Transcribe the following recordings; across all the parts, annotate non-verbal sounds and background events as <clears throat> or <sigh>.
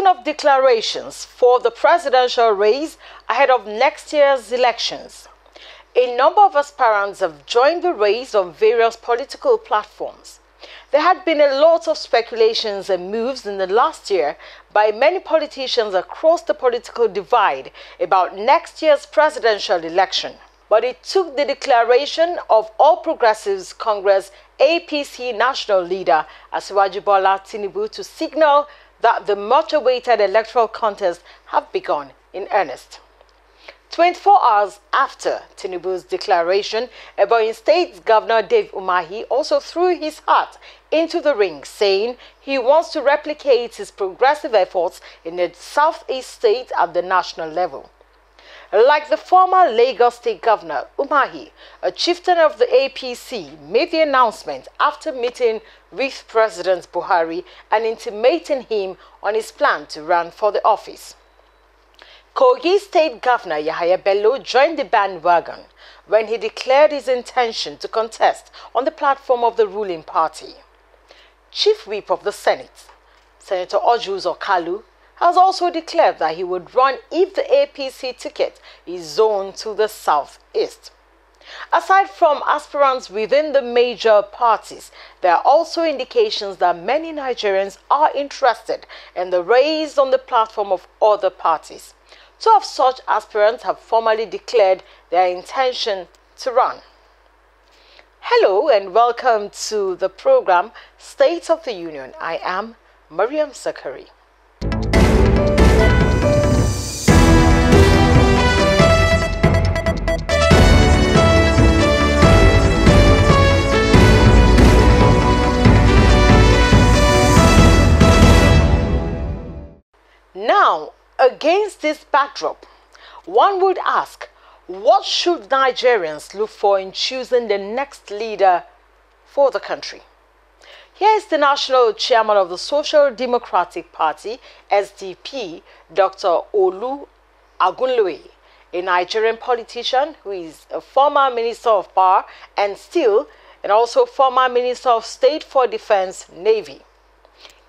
season of declarations for the presidential race ahead of next year's elections. A number of aspirants have joined the race on various political platforms. There had been a lot of speculations and moves in the last year by many politicians across the political divide about next year's presidential election. But it took the declaration of All Progressives Congress APC national leader Asiwaju Bola Tinubu to signal that the much awaited electoral contests have begun in earnest. 24 hours after Tinubu's declaration, Ebonyi State Governor Dave Umahi also threw his hat into the ring, saying he wants to replicate his progressive efforts in the southeast state at the national level. Like the former Lagos State Governor, Umahi, a chieftain of the APC, made the announcement after meeting with President Buhari and intimating him on his plan to run for the office. Kogi State Governor Yahaya Bello joined the bandwagon when he declared his intention to contest on the platform of the ruling party. Chief Whip of the Senate, Senator Ojuz Kalu has also declared that he would run if the APC ticket is zoned to the southeast. Aside from aspirants within the major parties, there are also indications that many Nigerians are interested in the race on the platform of other parties. Two of such aspirants have formally declared their intention to run. Hello and welcome to the program State of the Union. I am Mariam Sakari. Now, against this backdrop, one would ask what should Nigerians look for in choosing the next leader for the country? Here is the national chairman of the Social Democratic Party, SDP, Dr. Olu Agunlue, a Nigerian politician who is a former Minister of Power and still, and also former Minister of State for Defense Navy.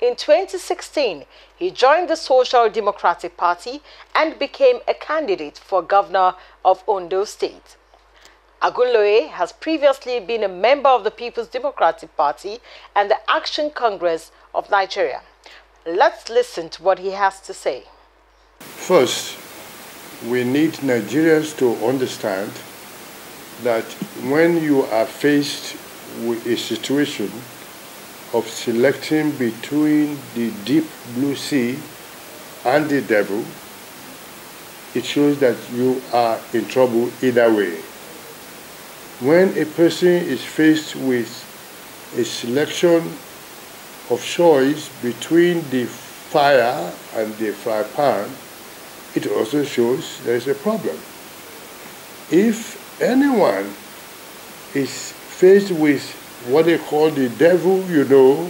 In 2016, he joined the Social Democratic Party and became a candidate for governor of Ondo State. Agunloye has previously been a member of the People's Democratic Party and the Action Congress of Nigeria. Let's listen to what he has to say. First, we need Nigerians to understand that when you are faced with a situation of selecting between the deep blue sea and the devil, it shows that you are in trouble either way. When a person is faced with a selection of choice between the fire and the fry pan, it also shows there is a problem. If anyone is faced with what they call the devil you know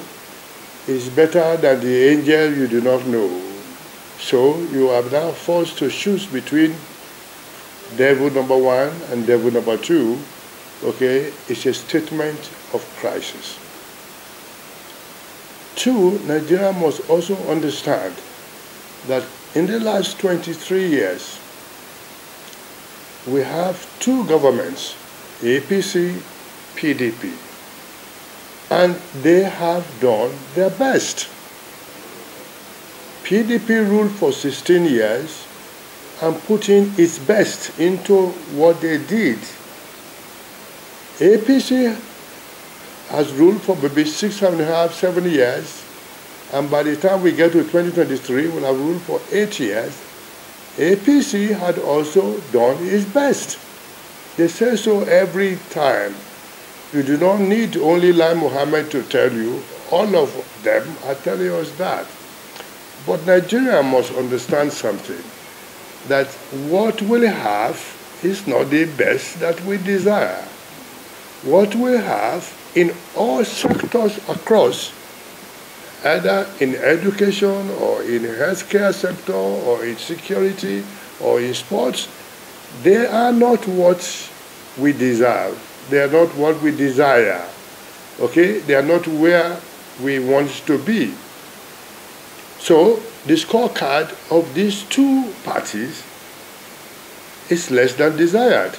is better than the angel you do not know. So you are now forced to choose between devil number one and devil number two. Okay, it's a statement of crisis. Two, Nigeria must also understand that in the last 23 years, we have two governments, APC, PDP and they have done their best. PDP ruled for 16 years and put in its best into what they did. APC has ruled for maybe six and a half, seven years, and by the time we get to 2023, we'll have ruled for eight years. APC had also done its best. They say so every time. You do not need only Lai Muhammad to tell you. All of them are telling us that. But Nigeria must understand something that what we have is not the best that we desire. What we have in all sectors across, either in education or in healthcare sector or in security or in sports, they are not what we desire. They are not what we desire. Okay? They are not where we want to be. So, the scorecard of these two parties is less than desired.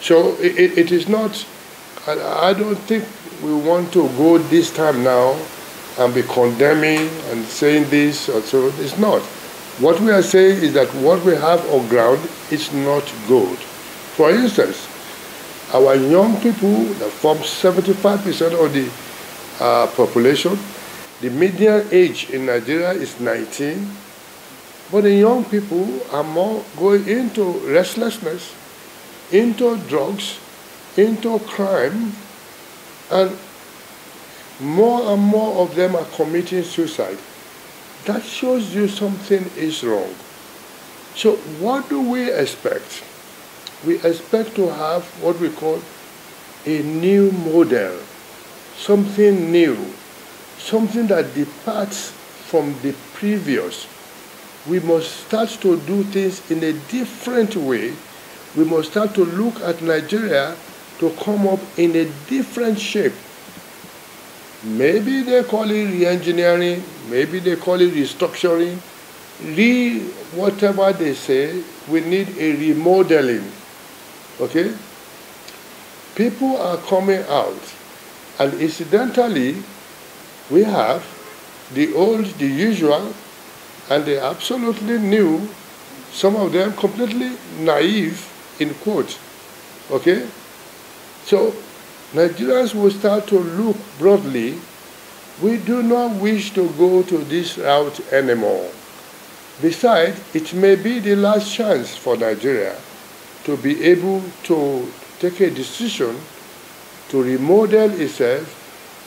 So, it, it is not, I don't think we want to go this time now and be condemning and saying this or so. It's not. What we are saying is that what we have on ground is not good. For instance, our young people that form 75% of the uh, population, the median age in Nigeria is 19, but the young people are more going into restlessness, into drugs, into crime, and more and more of them are committing suicide. That shows you something is wrong. So what do we expect? we expect to have what we call a new model, something new, something that departs from the previous. We must start to do things in a different way. We must start to look at Nigeria to come up in a different shape. Maybe they call it re engineering, maybe they call it restructuring. Re whatever they say, we need a remodeling Okay? People are coming out, and incidentally, we have the old, the usual, and the absolutely new, some of them completely naive, in quote. Okay? So, Nigerians will start to look broadly. We do not wish to go to this route anymore. Besides, it may be the last chance for Nigeria to be able to take a decision to remodel itself,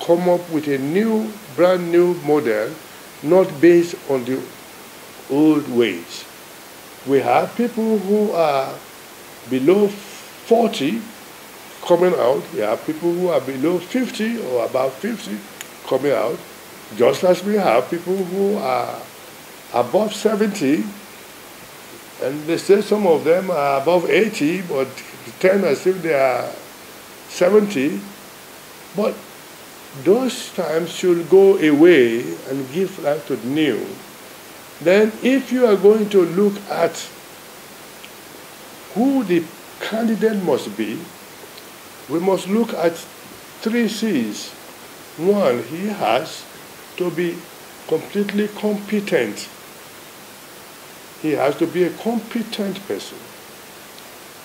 come up with a new, brand new model, not based on the old ways. We have people who are below 40 coming out. We have people who are below 50 or about 50 coming out, just as we have people who are above 70 and they say some of them are above 80, but pretend as if they are 70. But those times should go away and give life to the new. Then, if you are going to look at who the candidate must be, we must look at three C's. One, he has to be completely competent he has to be a competent person.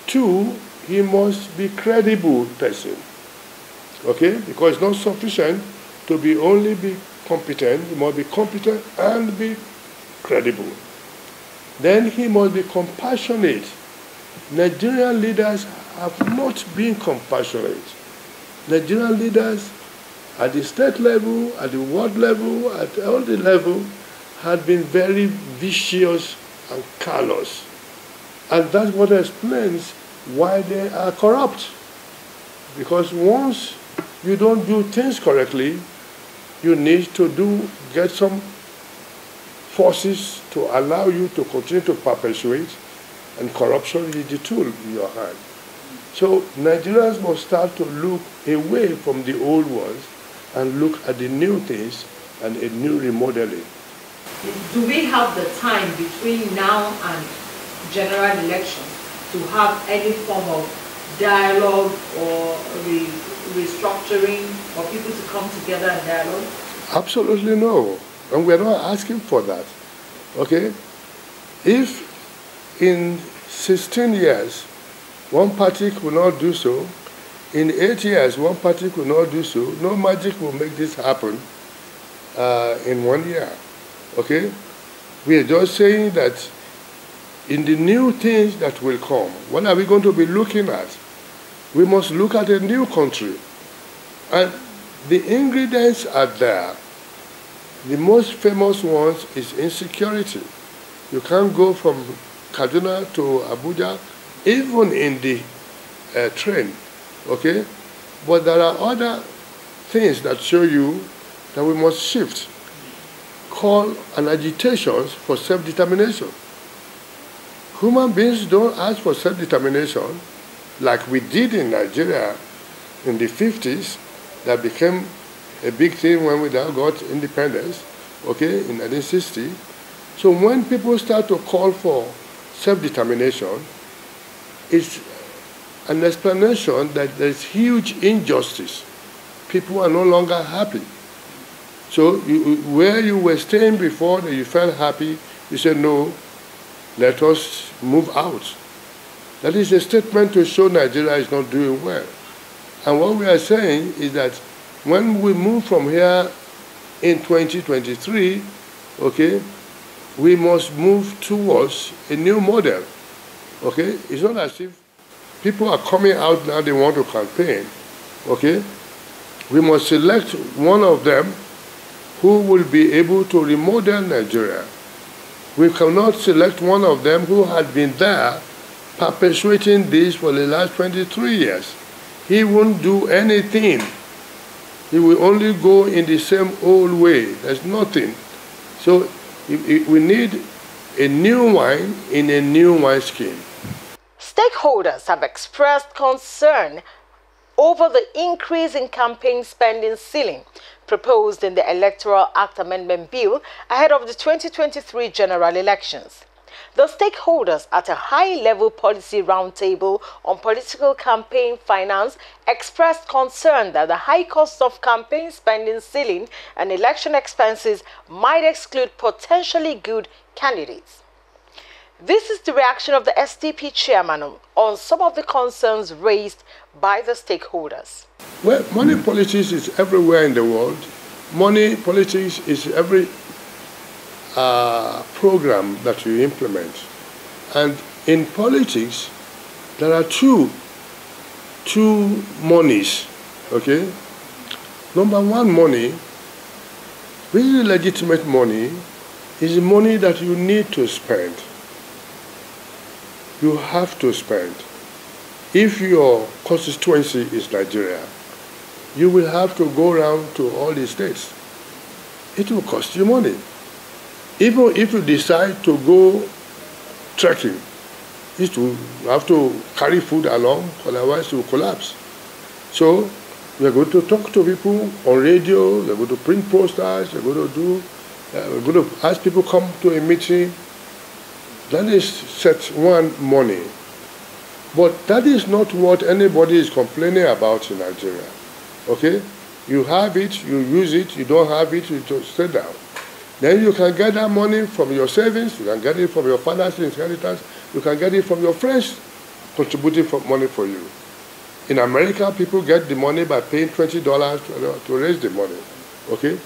Two, he must be credible person. Okay? Because it's not sufficient to be only be competent, he must be competent and be credible. Then he must be compassionate. Nigerian leaders have not been compassionate. Nigerian leaders at the state level, at the world level, at all the level, had been very vicious and callous. And that's what explains why they are corrupt. Because once you don't do things correctly, you need to do get some forces to allow you to continue to perpetuate, and corruption is the tool in your hand. So Nigerians must start to look away from the old ones and look at the new things and a new remodeling do we have the time between now and general election to have any form of dialogue or re restructuring for people to come together and dialogue? Absolutely no. And we're not asking for that. Okay? If in 16 years one party could not do so, in eight years one party could not do so, no magic will make this happen uh, in one year. Okay? We are just saying that in the new things that will come, what are we going to be looking at? We must look at a new country. And the ingredients are there. The most famous ones is insecurity. You can't go from Kaduna to Abuja, even in the uh, train, okay? But there are other things that show you that we must shift call and agitations for self-determination. Human beings don't ask for self-determination like we did in Nigeria in the 50s that became a big thing when we now got independence, okay, in 1960. So when people start to call for self-determination, it's an explanation that there's huge injustice. People are no longer happy. So you, where you were staying before that you felt happy, you said, no, let us move out. That is a statement to show Nigeria is not doing well. And what we are saying is that when we move from here in 2023, okay, we must move towards a new model. Okay, it's not as if people are coming out now, they want to campaign. Okay, we must select one of them who will be able to remodel Nigeria. We cannot select one of them who had been there perpetuating this for the last 23 years. He won't do anything. He will only go in the same old way. There's nothing. So we need a new wine in a new wine scheme. Stakeholders have expressed concern over the increase in campaign spending ceiling proposed in the Electoral Act Amendment Bill ahead of the 2023 general elections. The stakeholders at a high-level policy roundtable on political campaign finance expressed concern that the high cost of campaign spending ceiling and election expenses might exclude potentially good candidates. This is the reaction of the SDP chairman on some of the concerns raised by the stakeholders. Well, money politics is everywhere in the world. Money politics is every uh, program that you implement. And in politics, there are two, two monies, okay? Number one money, is legitimate money, is money that you need to spend you have to spend. If your constituency is Nigeria, you will have to go around to all the states. It will cost you money. Even if you decide to go trekking, you have to carry food along, otherwise you will collapse. So we are going to talk to people on radio, we are going to print posters, we are going to do, uh, we are going to ask people come to a meeting, that is set one money. But that is not what anybody is complaining about in Nigeria. Okay? You have it, you use it, you don't have it, you just stay down. Then you can get that money from your savings, you can get it from your father's inheritance, you can get it from your friends contributing for money for you. In America, people get the money by paying $20 to, to raise the money. Okay?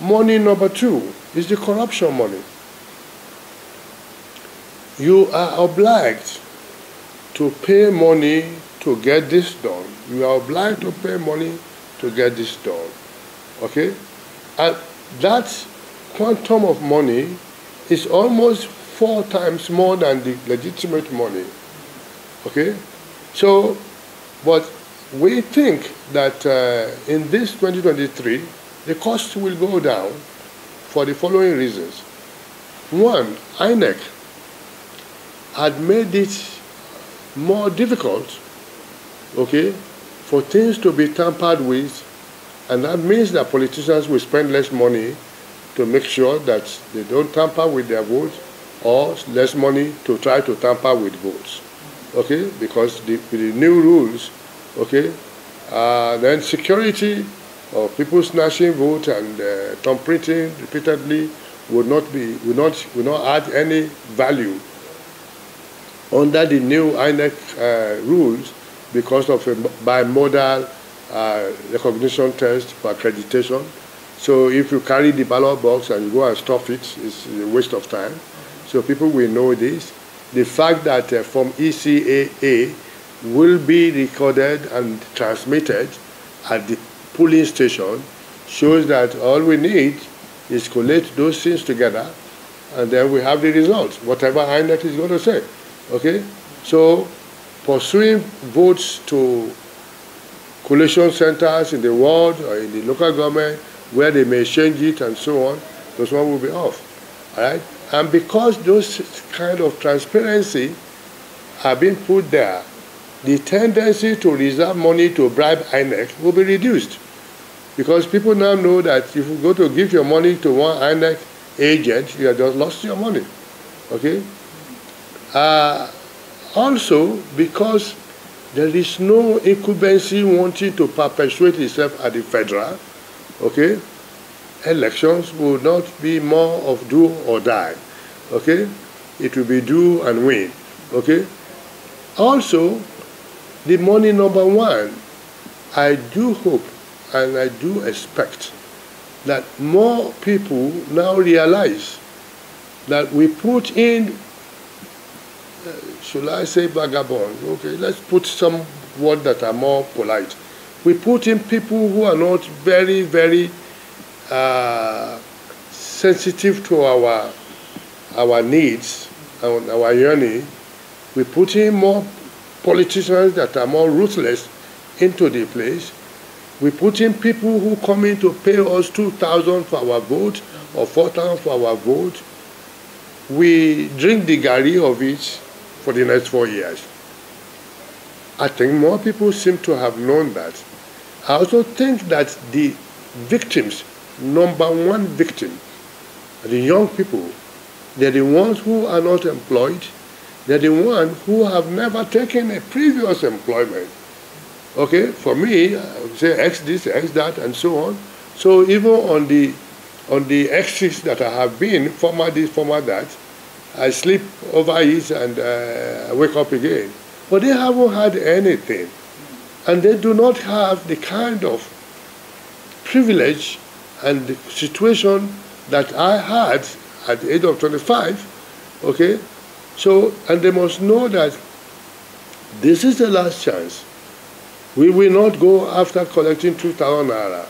Money number two is the corruption money. You are obliged to pay money to get this done. You are obliged to pay money to get this done. Okay? And that quantum of money is almost four times more than the legitimate money. Okay? So, but we think that uh, in this 2023, the cost will go down for the following reasons. One, INEC had made it more difficult, okay, for things to be tampered with. And that means that politicians will spend less money to make sure that they don't tamper with their votes or less money to try to tamper with votes, okay, because the, the new rules, okay, uh, then security of people snatching votes and uh, tampering repeatedly would not be, would not, would not add any value under the new INEC uh, rules because of a bimodal uh, recognition test for accreditation. So if you carry the ballot box and you go and stuff it, it's a waste of time. So people will know this. The fact that uh, from ECAA will be recorded and transmitted at the polling station shows that all we need is collate those things together and then we have the results, whatever INET is going to say. Okay? So, pursuing votes to collation centers in the world or in the local government where they may change it and so on, those one will be off. All right? And because those kind of transparency are being put there, the tendency to reserve money to bribe INEC will be reduced. Because people now know that if you go to give your money to one INEC agent, you have just lost your money. Okay? Uh, also, because there is no incumbency wanting to perpetuate itself at the federal, okay, elections will not be more of do or die, okay? It will be do and win, okay? Also, the money number one, I do hope and I do expect that more people now realize that we put in should I say vagabond? Okay, let's put some words that are more polite. We put in people who are not very, very uh, sensitive to our our needs, and our yearning. We put in more politicians that are more ruthless into the place. We put in people who come in to pay us 2,000 for our vote or 4,000 for our vote. We drink the gari of it for the next four years. I think more people seem to have known that. I also think that the victims, number one victim, the young people, they're the ones who are not employed, they're the ones who have never taken a previous employment. Okay, for me, I would say X this, X that, and so on. So even on the on the axis that I have been, former this, former that, I sleep overnight and uh, wake up again. But they haven't had anything. And they do not have the kind of privilege and the situation that I had at the age of 25, okay? So, and they must know that this is the last chance. We will not go after collecting 2,000 naira.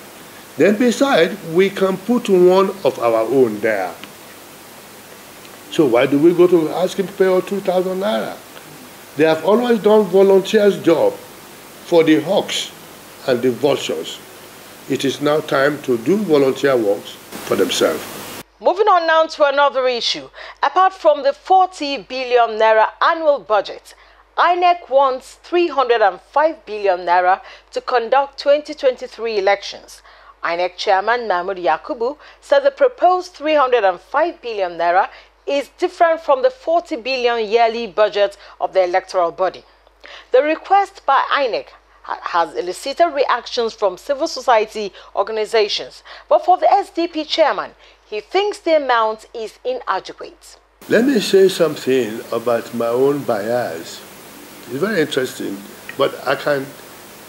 Then beside, we can put one of our own there. So why do we go to ask him to pay all 2,000 naira? They have always done volunteers' job for the hawks and the vultures. It is now time to do volunteer works for themselves. Moving on now to another issue. Apart from the 40 billion naira annual budget, INEC wants 305 billion naira to conduct 2023 elections. INEC chairman Mahmoud Yakubu said the proposed 305 billion naira is different from the 40 billion yearly budget of the electoral body. The request by INEC has elicited reactions from civil society organizations, but for the SDP chairman, he thinks the amount is inadequate. Let me say something about my own bias. It's very interesting, but I can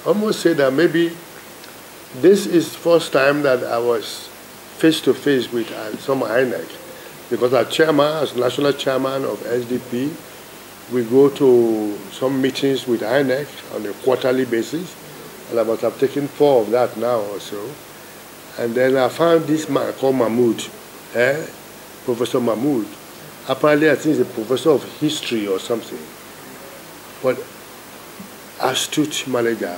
almost say that maybe this is first time that I was face to face with uh, some INEC because our chairman, as national chairman of SDP, we go to some meetings with INEC on a quarterly basis, and I must have taken four of that now or so. And then I found this man called Mahmoud, eh? Professor Mahmoud. Apparently, I think he's a professor of history or something. But astute manager,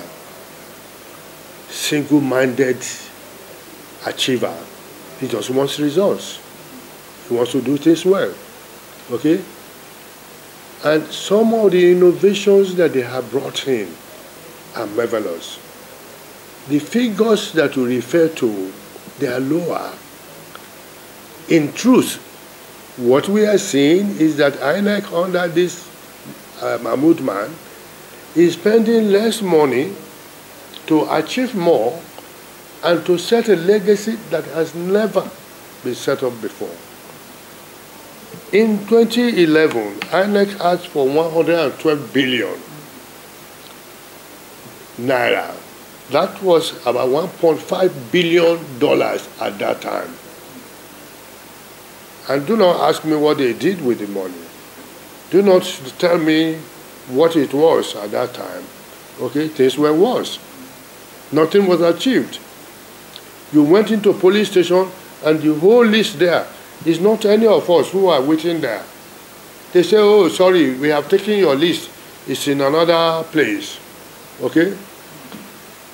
single-minded achiever. He just wants results. He wants to do things well. Okay? And some of the innovations that they have brought in are marvelous. The figures that you refer to, they are lower. In truth, what we are seeing is that INEC under this uh, Mahmoud man is spending less money to achieve more and to set a legacy that has never been set up before. In 2011, INEC asked for 112 billion naira. That was about 1.5 billion dollars at that time. And do not ask me what they did with the money. Do not tell me what it was at that time. Okay, things were worse. Nothing was achieved. You went into police station and the whole list there it's not any of us who are waiting there. They say, oh, sorry, we have taken your list. It's in another place. Okay?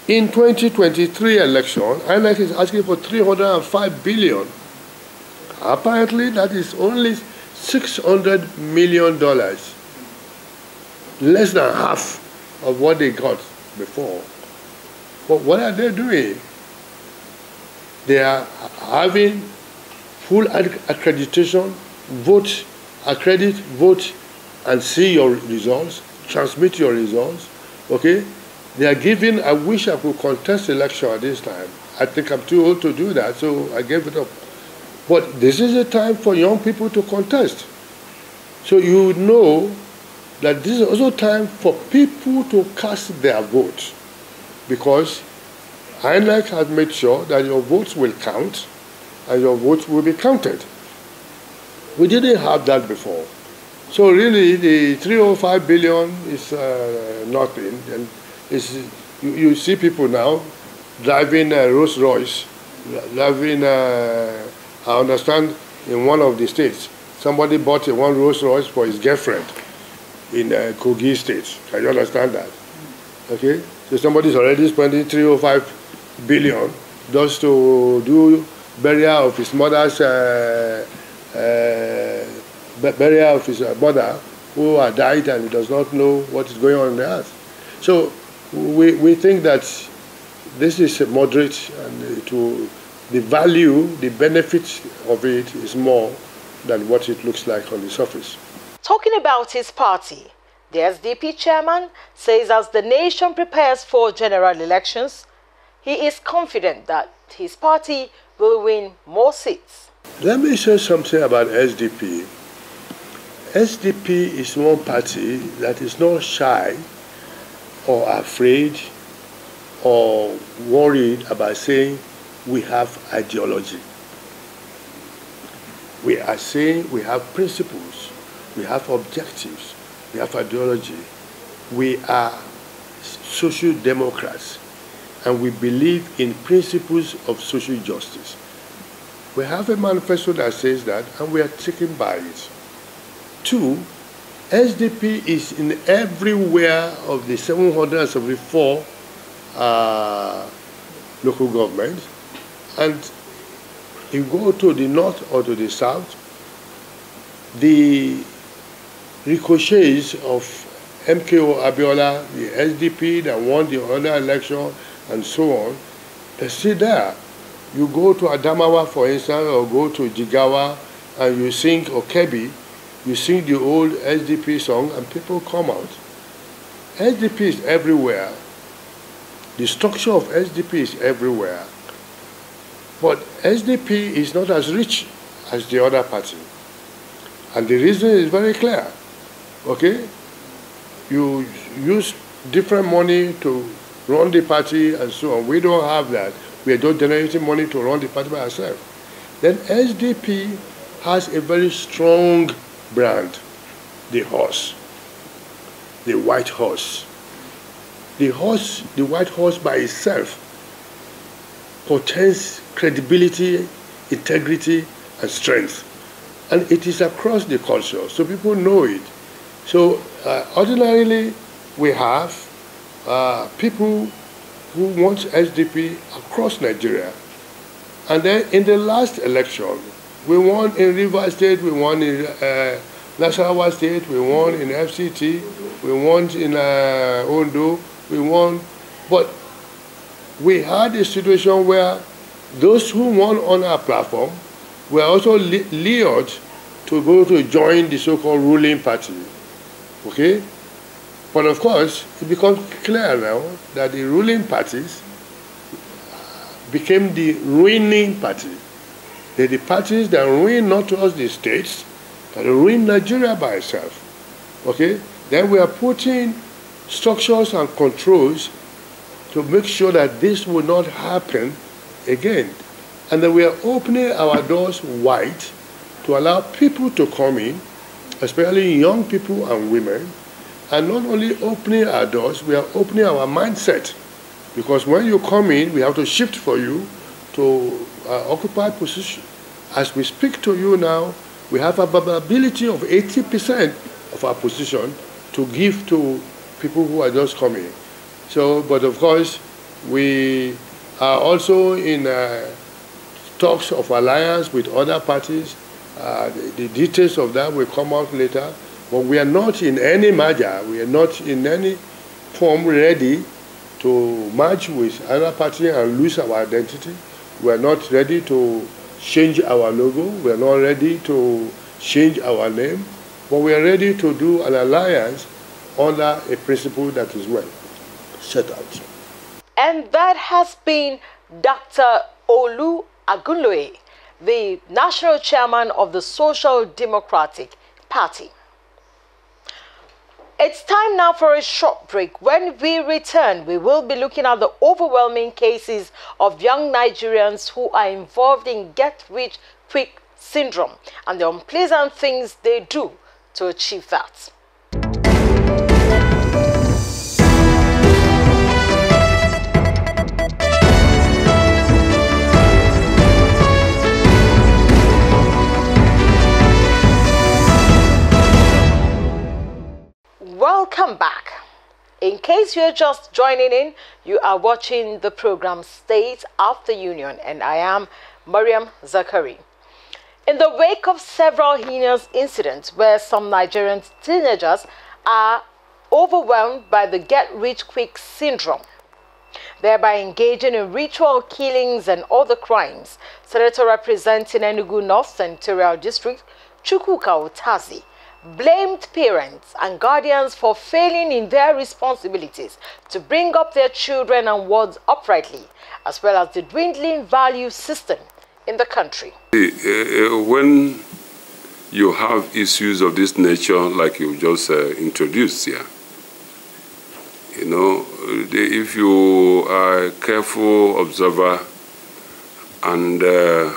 In 2023 election, INEC is asking for 305 billion. Apparently, that is only 600 million dollars. Less than half of what they got before. But what are they doing? They are having full accreditation, vote, accredit, vote, and see your results, transmit your results, okay? They are giving, I wish I could contest the election at this time. I think I'm too old to do that, so I gave it up. But this is a time for young people to contest. So you know that this is also time for people to cast their vote because INEC has made sure that your votes will count and your votes will be counted. We didn't have that before. So really, the 305 billion is uh, nothing. And it's, you, you, see people now driving a uh, Rolls Royce, driving, a, uh, I understand, in one of the states. Somebody bought a one Rolls Royce for his girlfriend in uh, Kogi state. Can you understand that? Okay? So somebody's already spending 305 billion just to do burial of his mother's uh, uh, burial of his uh, mother who had died and he does not know what is going on in the earth. So we, we think that this is moderate and to the value, the benefit of it is more than what it looks like on the surface. Talking about his party, the SDP chairman says as the nation prepares for general elections, he is confident that his party will win more seats. Let me say something about SDP. SDP is one party that is not shy or afraid or worried about saying we have ideology. We are saying we have principles, we have objectives, we have ideology. We are social democrats and we believe in principles of social justice. We have a manifesto that says that, and we are taken by it. Two, SDP is in everywhere of the 774 uh, local governments, and you go to the north or to the south, the ricochets of MKO Abiola, the SDP that won the other election, and so on, they see there. You go to Adamawa, for instance, or go to Jigawa, and you sing Okebi, you sing the old SDP song, and people come out. SDP is everywhere. The structure of SDP is everywhere. But SDP is not as rich as the other party. And the reason is very clear. Okay? You use different money to run the party and so on. We don't have that. We are not generating money to run the party by ourselves. Then SDP has a very strong brand, the horse, the white horse. The horse, the white horse by itself portends credibility, integrity, and strength. And it is across the culture, so people know it. So uh, ordinarily, we have uh, people who want SDP across Nigeria. And then in the last election, we won in River State, we won in uh, Nasarawa State, we won in FCT, we won in uh, Ondo, we won. But we had a situation where those who won on our platform were also lured to go to join the so-called ruling party. Okay? But of course, it becomes clear now that the ruling parties became the ruining party. They're the parties that ruin not just the states, that ruin Nigeria by itself. Okay? Then we are putting structures and controls to make sure that this will not happen again. And then we are opening our doors wide to allow people to come in, especially young people and women, and not only opening our doors, we are opening our mindset. Because when you come in, we have to shift for you to uh, position. As we speak to you now, we have a probability of 80% of our position to give to people who are just coming. So, but of course, we are also in uh, talks of alliance with other parties. Uh, the, the details of that will come out later. But we are not in any merger, we are not in any form ready to merge with another party and lose our identity. We are not ready to change our logo, we are not ready to change our name, but we are ready to do an alliance under a principle that is well set out. And that has been Dr. Olu Agunloe, the national chairman of the Social Democratic Party. It's time now for a short break. When we return, we will be looking at the overwhelming cases of young Nigerians who are involved in get rich quick syndrome and the unpleasant things they do to achieve that. Welcome back. In case you're just joining in, you are watching the program State of the Union, and I am Mariam Zakari. In the wake of several heinous incidents where some Nigerian teenagers are overwhelmed by the get rich quick syndrome, thereby engaging in ritual killings and other crimes, Senator representing Enugu North Senatorial District, Chukwuka Otazi, blamed parents and guardians for failing in their responsibilities to bring up their children and wards uprightly, as well as the dwindling value system in the country. Eh, eh, when you have issues of this nature, like you just uh, introduced here, you know, if you are a careful observer and uh,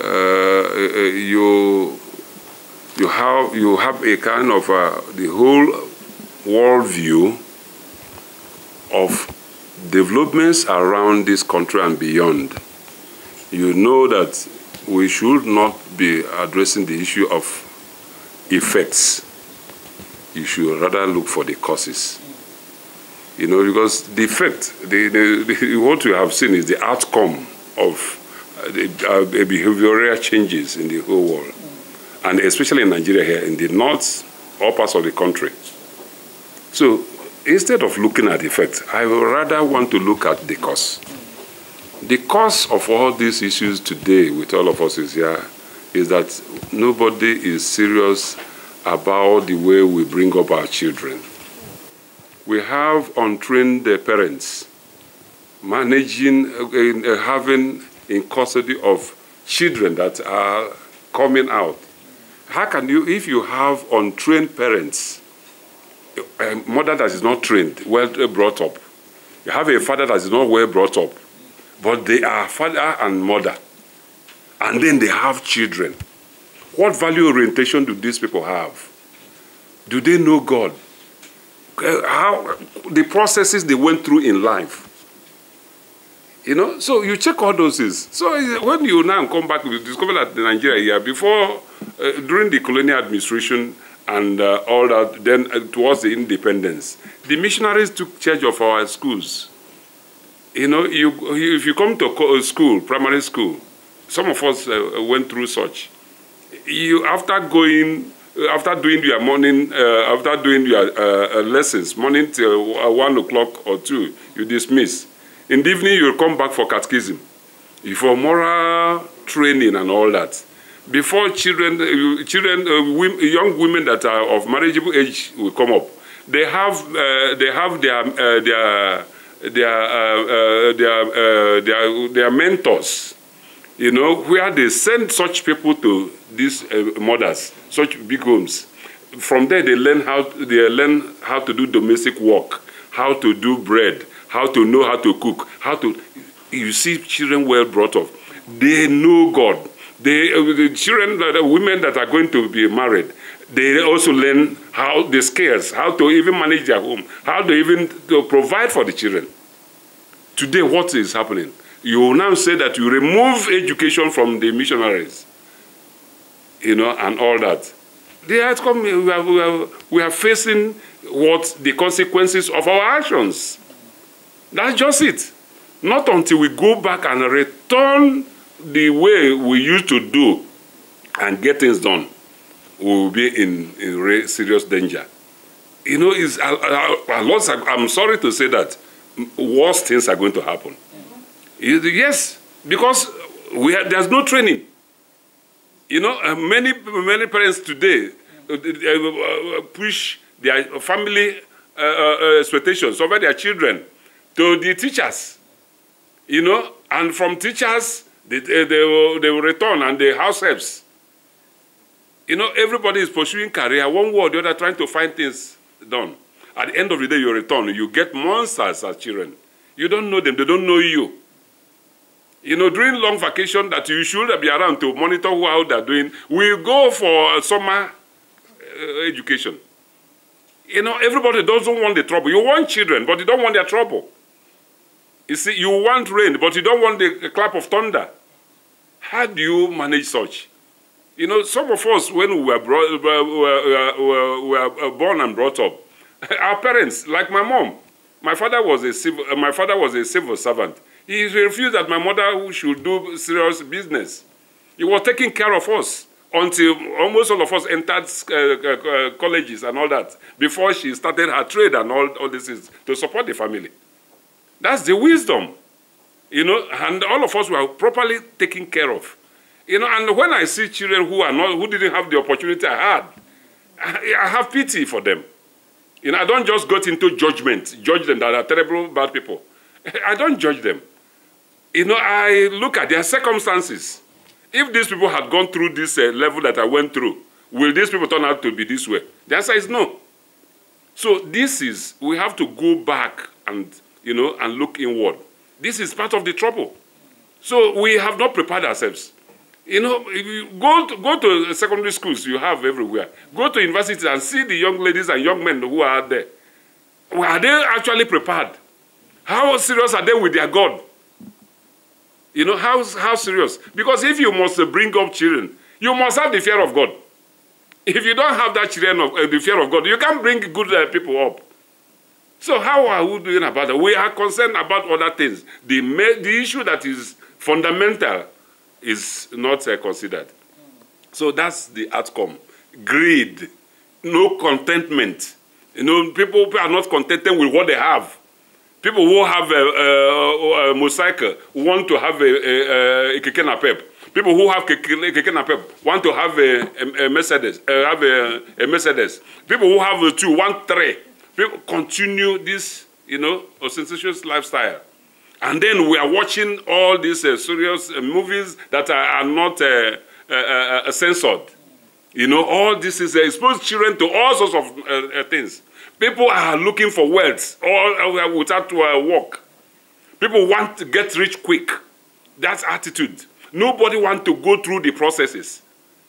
uh, you you have you have a kind of uh, the whole worldview of developments around this country and beyond. You know that we should not be addressing the issue of effects. You should rather look for the causes. You know, because the effect, the, the, the what you have seen is the outcome of uh, the, uh, behavioral changes in the whole world and especially in Nigeria here, in the north, all parts of the country. So instead of looking at the effect, I would rather want to look at the cause. The cause of all these issues today with all of us is here is that nobody is serious about the way we bring up our children. We have untrained parents managing, eh, having in custody of children that are coming out how can you, if you have untrained parents, a um, mother that is not trained, well brought up, you have a father that is not well brought up, but they are father and mother, and then they have children. What value orientation do these people have? Do they know God? Uh, how the processes they went through in life. You know, so you check all those things. So when you now come back, you discover that in Nigeria here, before uh, during the colonial administration and uh, all that, then uh, towards the independence, the missionaries took charge of our schools. You know, you, if you come to uh, school, primary school, some of us uh, went through such. You, after going, uh, after doing your morning, uh, after doing your uh, uh lessons, morning till one o'clock or two, you dismiss. In the evening, you'll come back for catechism, for moral training and all that before children, uh, children, uh, young women that are of marriageable age will come up, they have, uh, they have their, uh, their, their, uh, uh, their, uh, their, their mentors, you know, where they send such people to these uh, mothers, such big homes. From there, they learn how they learn how to do domestic work, how to do bread, how to know how to cook, how to. You see, children well brought up, they know God They, uh, the children, the women that are going to be married, they also learn how the skills, how to even manage their home, how to even to provide for the children. Today, what is happening? You now say that you remove education from the missionaries, you know, and all that. The outcome, we are, we are, we are facing what the consequences of our actions. That's just it. Not until we go back and return the way we used to do and get things done, will be in, in serious danger. You know, it's, a, lot, I'm sorry to say that, worse things are going to happen. Mm -hmm. Yes, because we have, there's no training. You know, uh, many, many parents today uh, uh, push their family expectations over their children to the teachers. You know, and from teachers, They, they, they, will, they will return and the house helps. You know, everybody is pursuing career, one way or the other, trying to find things done. At the end of the day, you return. You get monsters as children. You don't know them. They don't know you. You know, during long vacation that you should be around to monitor how they're doing, we go for summer uh, education. You know, everybody doesn't want the trouble. You want children, but you don't want their trouble. You see, you want rain, but you don't want the clap of thunder. How do you manage such? You know, some of us, when we were, brought, were, were, were uh, born and brought up, <laughs> our parents, like my mom, my father was a civil, uh, my father was a civil servant. He refused that my mother should do serious business. He was taking care of us until almost all of us entered uh, uh, uh colleges and all that before she started her trade and all, all this is to support the family. That's the wisdom. You know, and all of us were properly taken care of. You know, and when I see children who are not, who didn't have the opportunity I had, I, I have pity for them. You know, I don't just get into judgment, judge them that are terrible, bad people. <laughs> I don't judge them. You know, I look at their circumstances. If these people had gone through this uh, level that I went through, will these people turn out to be this way? The answer is no. So this is, we have to go back and, you know, and look inward. This is part of the trouble. So we have not prepared ourselves. You know, go to, go to secondary schools you have everywhere. Go to universities and see the young ladies and young men who are there. Well, are they actually prepared? How serious are they with their God? You know, how, how serious? Because if you must bring up children, you must have the fear of God. If you don't have that children of, uh, the fear of God, you can't bring good uh, people up. So how are we doing about that? We are concerned about other things. The, the issue that is fundamental is not uh, considered. So that's the outcome. Greed, no contentment. You know, people, people are not contented with what they have. People who have a, a, a motorcycle want to have a, a, a keke People who have keke, keke want to have a, a, a Mercedes. Uh, have a, a Mercedes. People who have two want three people continue this, you know, ostentatious lifestyle. And then we are watching all these uh, serious uh, movies that are, are not uh, uh, uh, uh censored. You know, all this is exposed children to all sorts of things. People are looking for wealth all without work. People want to get rich quick. That's attitude. Nobody wants to go through the processes,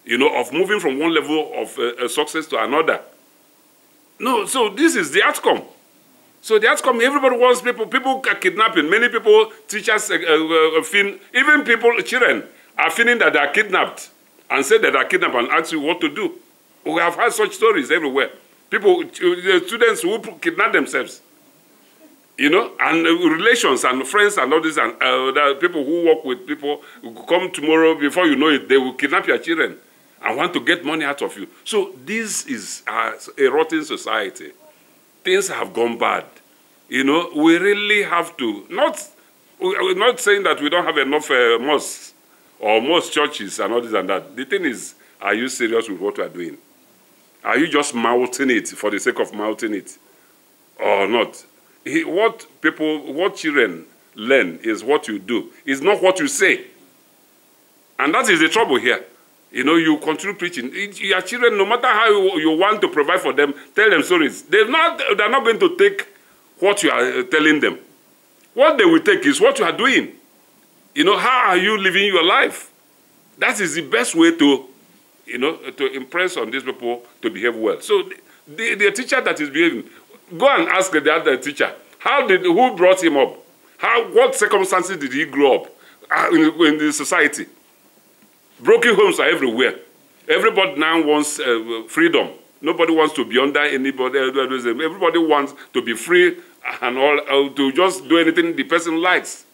you know, of moving from one level of success to another. No, so this is the outcome. So the outcome, everybody wants people. People are kidnapping. Many people, teachers, uh, uh, uh even people, children, are feeling that they are kidnapped and say that they are kidnapped and ask you what to do. We have had such stories everywhere. People, uh, students who kidnap themselves, you know, and uh, relations and friends and all this, and uh, people who work with people come tomorrow, before you know it, they will kidnap your children. I want to get money out of you. So this is a, a rotten society. Things have gone bad. You know, we really have to, not, we're not saying that we don't have enough uh, mosques or most churches and all this and that. The thing is, are you serious with what we are doing? Are you just mouthing it for the sake of mouthing it or not? He, what people, what children learn is what you do, it's not what you say. And that is the trouble here. You know, you continue preaching. It, your children, no matter how you, you want to provide for them, tell them stories. They're not, they're not going to take what you are uh, telling them. What they will take is what you are doing. You know, how are you living your life? That is the best way to, you know, to impress on these people to behave well. So the, the, the teacher that is behaving, go and ask the other teacher, how did, who brought him up? How, what circumstances did he grow up uh, in, in the society? Broken homes are everywhere. Everybody now wants uh, freedom. Nobody wants to be under anybody. Everybody wants to be free and all uh, to just do anything the person likes.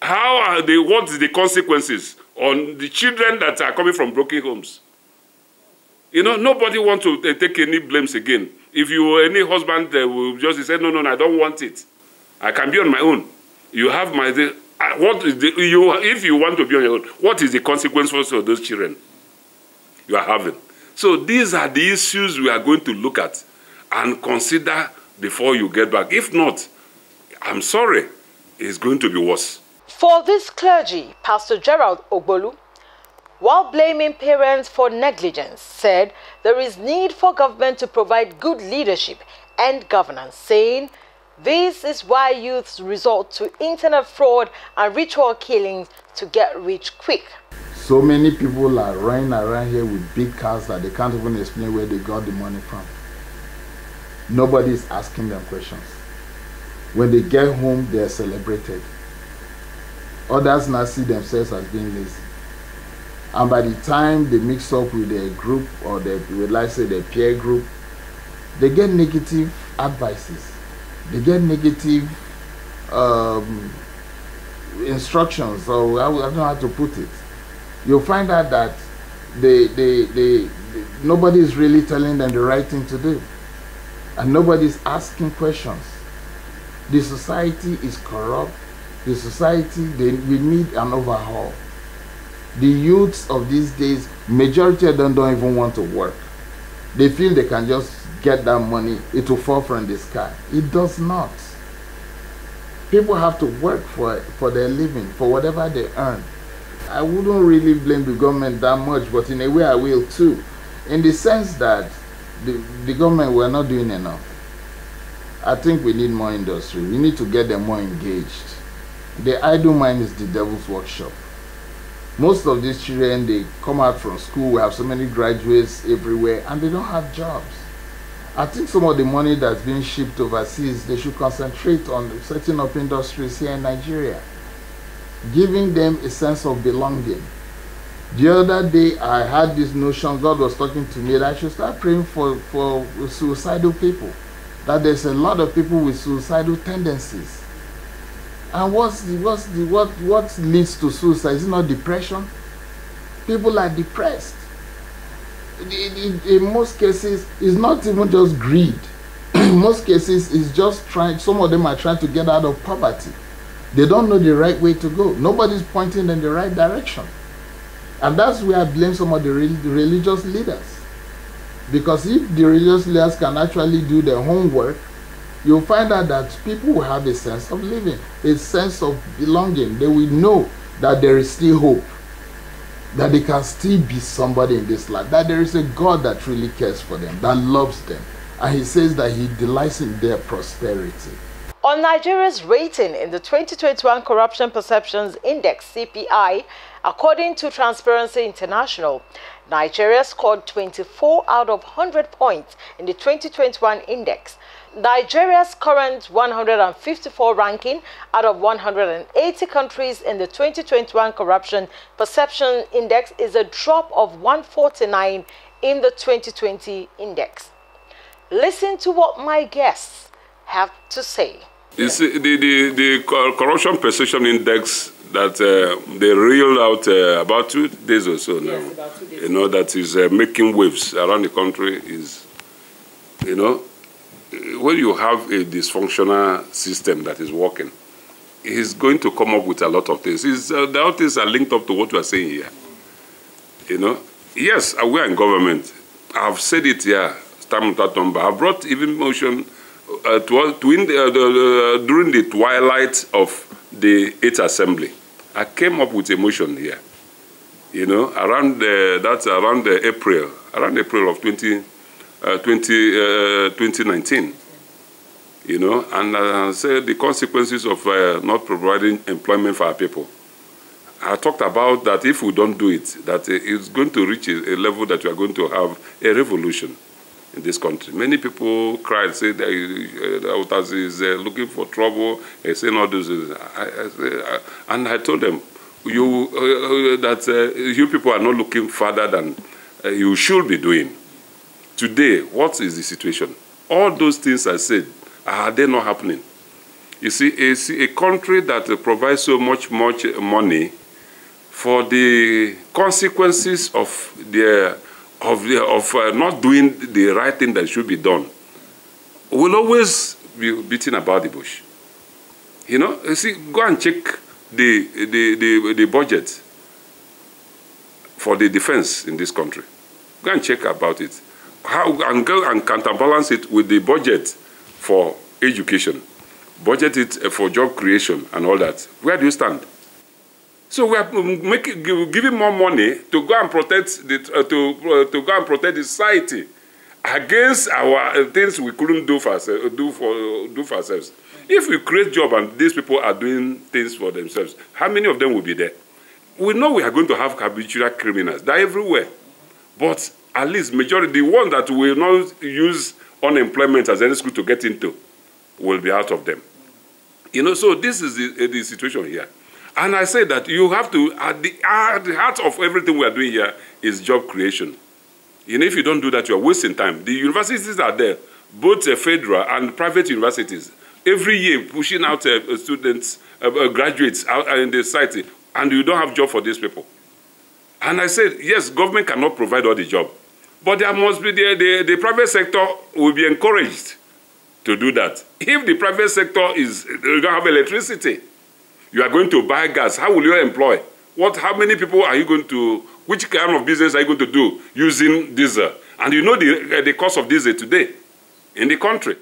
How are they? What is the consequences on the children that are coming from broken homes? You know, nobody wants to uh, take any blames again. If you were any husband, they uh, will just say, "No, no, no, I don't want it. I can be on my own. You have my." what is the, you, if you want to be on your own, what is the consequence for those children you are having? So these are the issues we are going to look at and consider before you get back. If not, I'm sorry, it's going to be worse. For this clergy, Pastor Gerald Ogbolu, while blaming parents for negligence, said there is need for government to provide good leadership and governance, saying this is why youths resort to internet fraud and ritual killings to get rich quick. So many people are running around here with big cars that they can't even explain where they got the money from. Nobody is asking them questions. When they get home, they are celebrated. Others now see themselves as being lazy. And by the time they mix up with their group or their, with, like say, their peer group, they get negative advices they get negative um, instructions or I, I don't know how to put it you'll find out that they, they, they, they, nobody is really telling them the right thing to do and nobody is asking questions the society is corrupt the society they, we need an overhaul the youths of these days majority of them don't even want to work they feel they can just get that money, it will fall from the sky. It does not. People have to work for for their living, for whatever they earn. I wouldn't really blame the government that much, but in a way I will too, in the sense that the, the government were not doing enough. I think we need more industry. We need to get them more engaged. The idle mind is the devil's workshop. Most of these children, they come out from school, we have so many graduates everywhere, and they don't have jobs. I think some of the money that's being shipped overseas, they should concentrate on setting up industries here in Nigeria, giving them a sense of belonging. The other day, I had this notion, God was talking to me, that I should start praying for, for suicidal people, that there's a lot of people with suicidal tendencies. And what's the, what's the, what, what leads to suicide? Is it not depression? People are depressed in most cases, it's not even just greed. in <clears throat> most cases, it's just trying, some of them are trying to get out of poverty. They don't know the right way to go. Nobody's pointing in the right direction. And that's where I blame some of the, re the religious leaders. Because if the religious leaders can actually do their homework, you'll find out that people will have a sense of living, a sense of belonging. They will know that there is still hope that they can still be somebody in this life, that there is a God that really cares for them, that loves them. And he says that he delights in their prosperity. On Nigeria's rating in the 2021 Corruption Perceptions Index, CPI, according to Transparency International, Nigeria scored 24 out of 100 points in the 2021 index, Nigeria's current 154 ranking out of 180 countries in the 2021 Corruption Perception Index is a drop of 149 in the 2020 index. Listen to what my guests have to say. the, the, the Corruption Perception Index that uh, they reeled out uh, about two days or so now. Yes, you know, that is uh, making waves around the country is, you know, when you have a dysfunctional system that is working, he's going to come up with a lot of things. uh, the things are linked up to what you are saying here. You know, yes, uh, we are in government. I've said it here, time number. I brought even motion uh, to, uh, to in the, uh, the, uh, during the twilight of the eighth assembly. I came up with a motion here. You know, around the, uh, that's around the April, around April of 20. Uh, 2019. Uh, you know, and uh, say the consequences of uh, not providing employment for our people. I talked about that if we don't do it, that it's going to reach a, level that we are going to have a revolution in this country. Many people cried, said that Outaz is looking for trouble, uh, saying all those things. and I told them, you, that you people are not looking further than you should be doing. Today, what is the situation? All those things I said, are they not happening? You see, a, a country that provides so much, much money for the consequences of their of, of uh, not doing the right thing that should be done will always be beaten about the bush. You know, you see, go and check the, the, the, the budget for the defense in this country. Go and check about it. how and go and counterbalance it with the budget for education, budget it eh, for job creation and all that. Where do you stand? So we are making, giving more money to go and protect the uh, to uh, to go and protect the society against our uh, things we couldn't do for uh, do for uh, do for ourselves. If we create job and these people are doing things for themselves, how many of them will be there? We know we are going to have habitual criminals. They're everywhere, but at least majority, the ones that will not use unemployment as any school to get into, will be out of them. You know, so this is the, eh, the situation here. And I say that you have to, at the, at the heart of everything we are doing here is job creation. And if you don't do that, you are wasting time. The universities are there, both eh, federal and private universities, every year pushing out uh, students, uh, graduates out in the society, and you don't have job for these people. And I said, yes, government cannot provide all the job, But there must be the, the, the private sector will be encouraged to do that. If the private sector is you don't have electricity, you are going to buy gas. How will you employ? What? How many people are you going to? Which kind of business are you going to do using diesel? And you know the uh, the cost of diesel today in the country.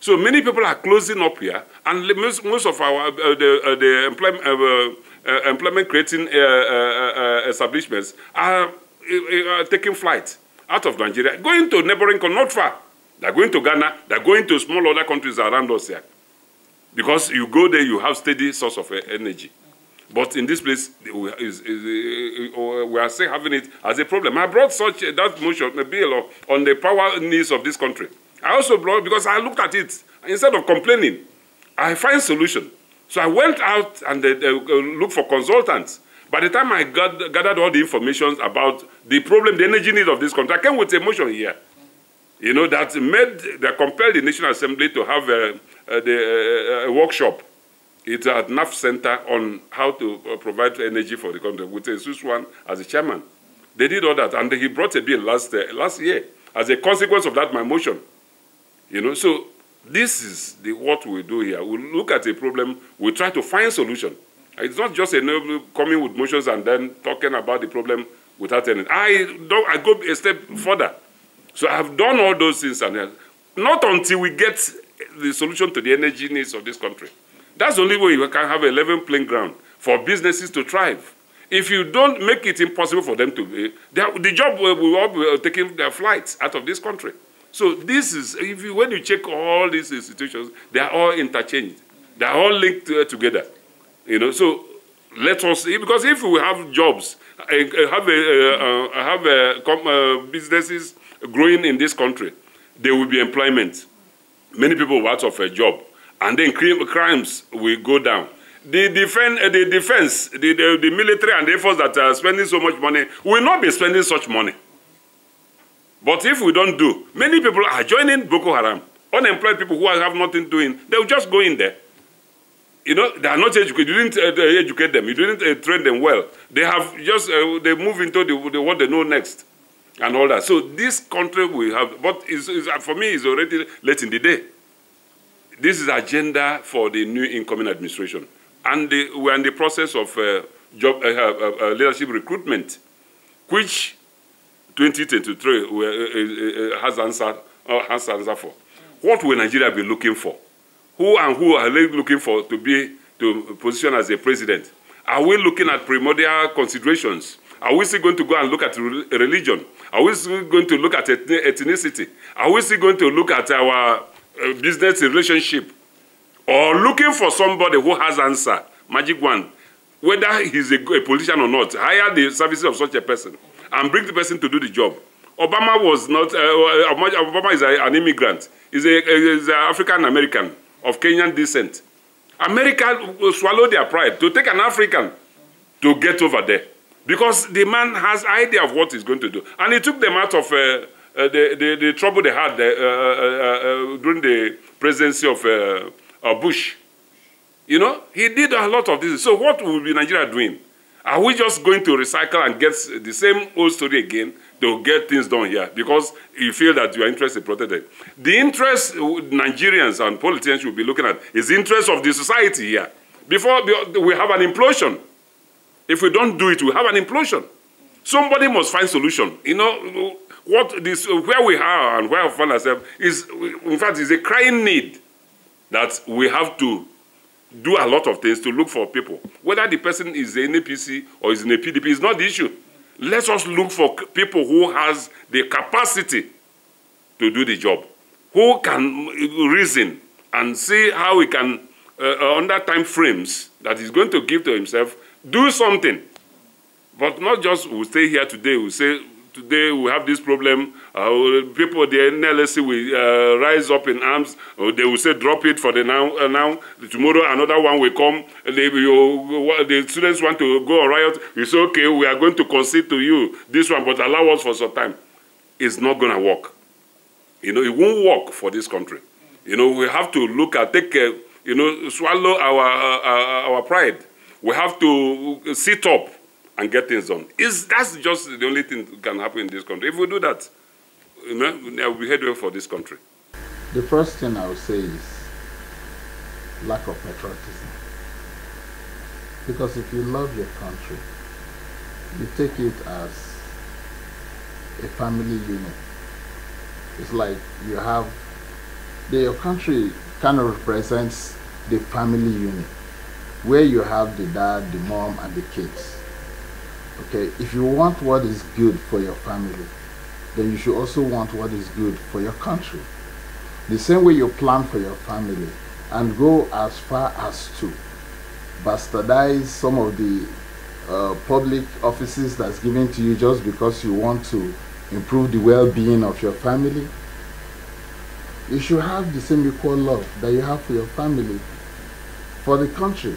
So many people are closing up here, and most, most of our uh, the, uh, the employment, uh, uh, uh, employment creating establishments are taking flight out of Nigeria, going to neighboring countries, not far. They're going to Ghana, they're going to small other countries around us here. Because you go there, you have steady source of e-, energy. But in this place, uh, uh, we are still having it as a problem. I brought such uh, that motion, a bill on the power needs of this country. I also brought, because I looked at it, instead of complaining, I find solution. So I went out and uh, looked for consultants By the time I got, gathered all the information about the problem, the energy needs of this country, I came with a motion here. You know, that made, that compelled the National Assembly to have a, a, the, a workshop. It's at NAF Center on how to uh, provide energy for the country with Suswan as the chairman. They did all that, and he brought a bill last, uh, last year as a consequence of that, my motion. You know, so this is the, what we do here. We look at a problem, we try to find solution. It's not just a noble coming with motions and then talking about the problem without any. I don't. I go a step further. So I have done all those things, and uh, not until we get the solution to the energy needs of this country. That's the only way we can have a level playing ground for businesses to thrive. If you don't make it impossible for them to be, the job will, be uh, taking their flights out of this country. So this is, if you, when you check all these institutions, they are all interchanged. They are all linked uh, together. You know, so let us because if we have jobs, have a, uh, have a, uh, businesses growing in this country, there will be employment. Many people will out of a job, and then crimes will go down. The, defend, uh, the defense, the, the, the military and the efforts that are spending so much money will not be spending such money. But if we don't do, many people are joining Boko Haram. Unemployed people who have nothing doing, they'll just go in there. you know, they are not educated. You didn't uh, uh, educate them. You didn't uh, train them well. They have just, uh, they move into the, the, what they know next and all that. So this country we have, but is, is, uh, for me, is already late in the day. This is agenda for the new incoming administration. And the, we're in the process of uh, job leadership recruitment, which 2023 has answered, has answer for. What will Nigeria be looking for? who and who are they looking for to be to position as a president? Are we looking at primordial considerations? Are we still going to go and look at religion? Are we still going to look at ethnicity? Are we still going to look at our uh, business relationship? Or looking for somebody who has answer, magic one, whether he's a, a politician or not, hire the services of such a person and bring the person to do the job. Obama was not, uh, uh Obama is a, an immigrant, he's an uh, African American of Kenyan descent. America swallowed their pride to take an African to get over there because the man has idea of what he's going to do. And he took them out of uh, uh, the, the, the trouble they had uh, uh, uh, uh during the presidency of uh, uh, Bush. You know, he did a lot of this. So what will be Nigeria doing? Are we just going to recycle and get the same old story again? To get things done here because you feel that your interest is protected. The interest uh, Nigerians and politicians should be looking at is the interest of the society here. Before we have an implosion. If we don't do it, we have an implosion. Somebody must find solution. You know, what this, uh, where we are and where we find ourselves is, in fact, is a crying need that we have to do a lot of things to look for people. Whether the person is in APC or is in a PDP is not the issue let us look for people who has the capacity to do the job, who can reason and see how he can, uh, uh under time frames that he's going to give to himself, do something. But not just we we'll stay here today, we we'll say today we have this problem. Uh, people, the NLC will uh, rise up in arms. Uh, they will say, drop it for the now. Uh, now. Tomorrow, another one will come. They will, uh, the students want to go on riot. You say, okay, we are going to concede to you this one, but allow us for some time. It's not going to work. You know, it won't work for this country. You know, we have to look at, take, care. you know, swallow our, uh, uh, our pride. We have to sit up and get things done. Is that's just the only thing that can happen in this country. If we do that, you know, we will be headway for this country. The first thing I would say is lack of patriotism. Because if you love your country, you take it as a family unit. It's like you have the, your country kind of represents the family unit where you have the dad, the mom, and the kids Okay, if you want what is good for your family, then you should also want what is good for your country. The same way you plan for your family and go as far as to bastardize some of the uh, public offices that's given to you just because you want to improve the well-being of your family. You should have the same equal love that you have for your family, for the country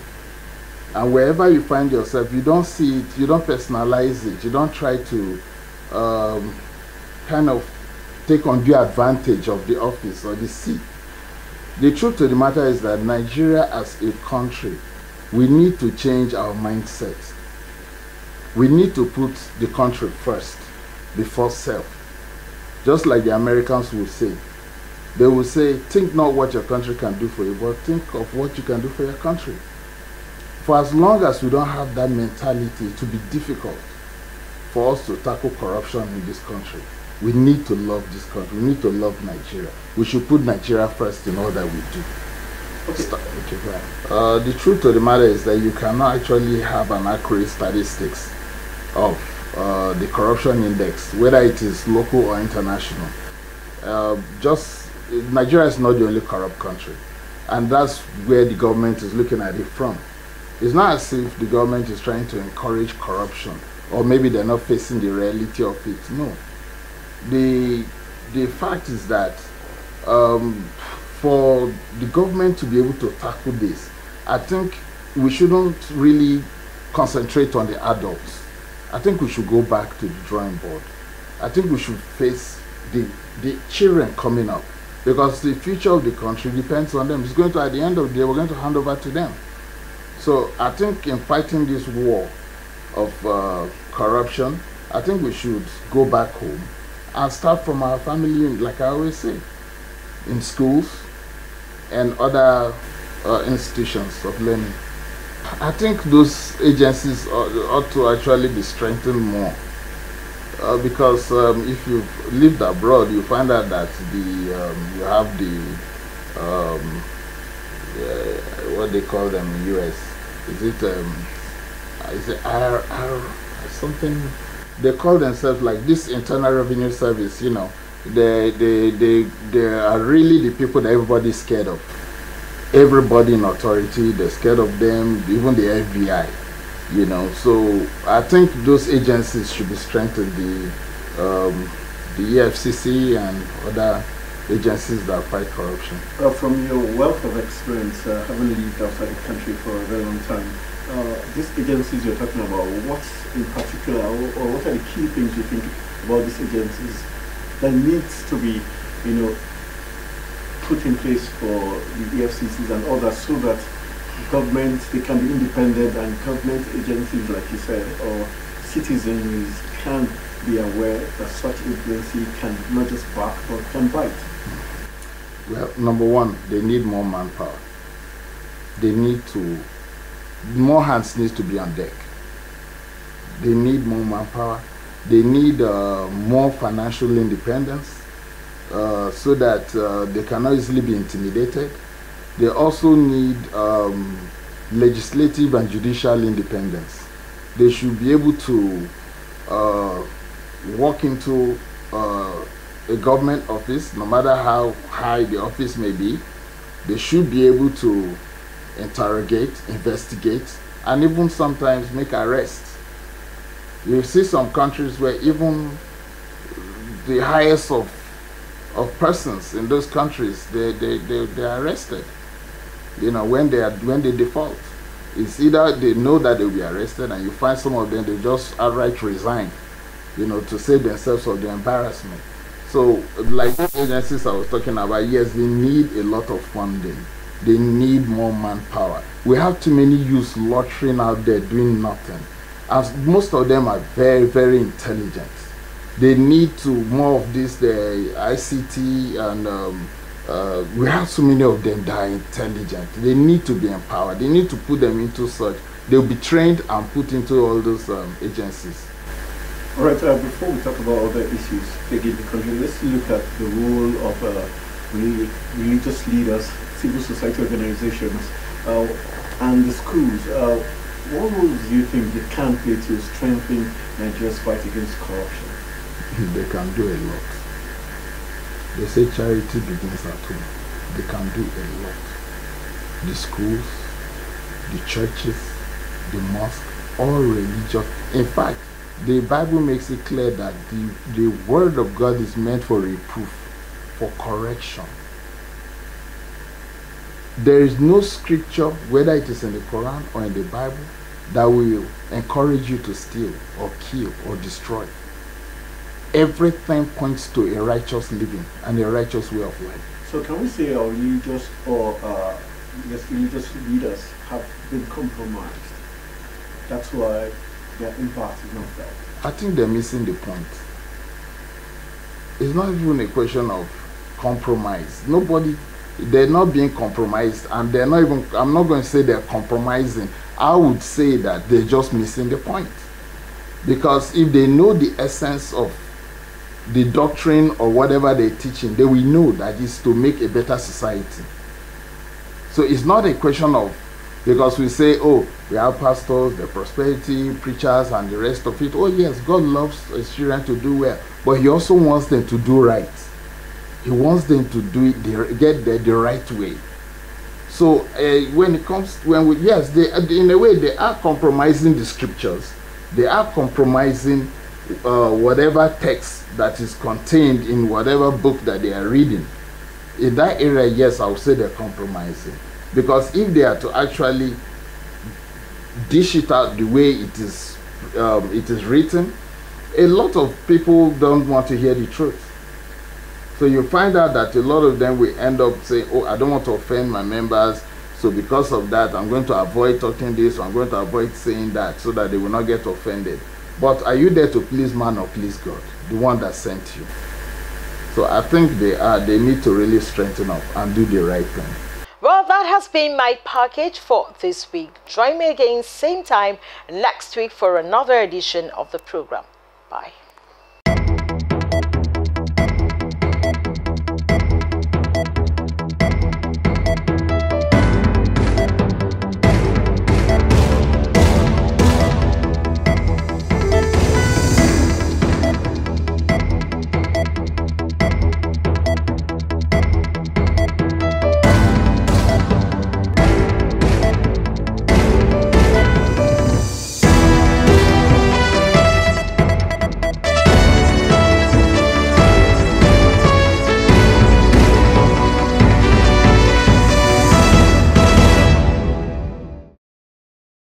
and wherever you find yourself you don't see it you don't personalize it you don't try to um, kind of take undue advantage of the office or the seat the truth of the matter is that nigeria as a country we need to change our mindset we need to put the country first before self just like the americans will say they will say think not what your country can do for you but think of what you can do for your country for as long as we don't have that mentality, it will be difficult for us to tackle corruption in this country. We need to love this country. We need to love Nigeria. We should put Nigeria first in all that we do. Okay. okay uh, the truth of the matter is that you cannot actually have an accurate statistics of uh, the corruption index, whether it is local or international. Uh, just Nigeria is not the only corrupt country, and that's where the government is looking at it from. It's not as if the government is trying to encourage corruption or maybe they're not facing the reality of it. No. The, the fact is that um, for the government to be able to tackle this, I think we shouldn't really concentrate on the adults. I think we should go back to the drawing board. I think we should face the, the children coming up because the future of the country depends on them. It's going to, at the end of the day, we're going to hand over to them. So I think in fighting this war of uh, corruption, I think we should go back home and start from our family, like I always say, in schools and other uh, institutions of learning. I think those agencies ought, to actually be strengthened more. Uh, because um, if you've lived abroad, you find out that the um, you have the um, uh, what they call them US is it um, uh, is it R, R something? They call themselves like this Internal Revenue Service. You know, they they they they are really the people that everybody's scared of. Everybody in authority, they're scared of them. Even the FBI, you know. So I think those agencies should be strengthened. The um, the EFCC and other agencies that fight corruption? Well, from your wealth of experience, uh, having lived outside the country for a very long time, uh, these agencies you're talking about, what in particular, or, what are the key things you think about these agencies that needs to be, you know, put in place for the EFCCs and others so that government, they can be independent and government agencies, like you said, or citizens can be aware that such agency can not just bark but can bite. Well, number one, they need more manpower. They need to, more hands needs to be on deck. They need more manpower. They need uh, more financial independence uh, so that uh, they cannot easily be intimidated. They also need um, legislative and judicial independence. They should be able to uh, walk into uh, a government office, no matter how high the office may be, they should be able to interrogate, investigate, and even sometimes make arrests. You see some countries where even the highest of of persons in those countries they they they they are arrested. You know when they are when they default, it's either they know that they'll be arrested, and you find some of them they just outright resign. You know to save themselves of the embarrassment. So, like agencies I was talking about, yes, they need a lot of funding. They need more manpower. We have too many youths loitering out there doing nothing. As most of them are very, very intelligent. They need to more of this, the ICT, and um, uh, we have so many of them that are intelligent. They need to be empowered. They need to put them into such. They'll be trained and put into all those um, agencies. All right, uh, before we talk about other issues let's look at the role of uh, religious leaders, civil society organizations, uh, and the schools. Uh, what roles do you think they can play to strengthen Nigeria's fight against corruption? <laughs> they can do a lot. They say charity begins at home. They can do a lot. The schools, the churches, the mosque, all religious. In fact, the Bible makes it clear that the, the word of God is meant for reproof, for correction. There is no scripture, whether it is in the Quran or in the Bible, that will encourage you to steal or kill or destroy. Everything points to a righteous living and a righteous way of life. So can we say, our religious or uh, yes, religious leaders have been compromised? That's why I think they're missing the point. It's not even a question of compromise. Nobody, they're not being compromised, and they're not even, I'm not going to say they're compromising. I would say that they're just missing the point. Because if they know the essence of the doctrine or whatever they're teaching, they will know that is to make a better society. So it's not a question of because we say, oh, we have pastors, the prosperity, preachers, and the rest of it. Oh, yes, God loves his children to do well, but he also wants them to do right. He wants them to do it, the, get there the right way. So uh, when it comes, when we, yes, they, eh, in a way, they are compromising the scriptures. They are compromising uh, whatever text that is contained in whatever book that they are reading. In that area, yes, I would say they're compromising. Because if they are to actually dish it out the way it is, um, it is written, a lot of people don't want to hear the truth. So you find out that a lot of them will end up saying, oh, I don't want to offend my members. So because of that, I'm going to avoid talking this, I'm going to avoid saying that so that they will not get offended. But are you there to please man or please God, the one that sent you? So I think they are, they need to really strengthen up and do the right thing. Well, that has been my package for this week. Join me again same time next week for another edition of the program. Bye.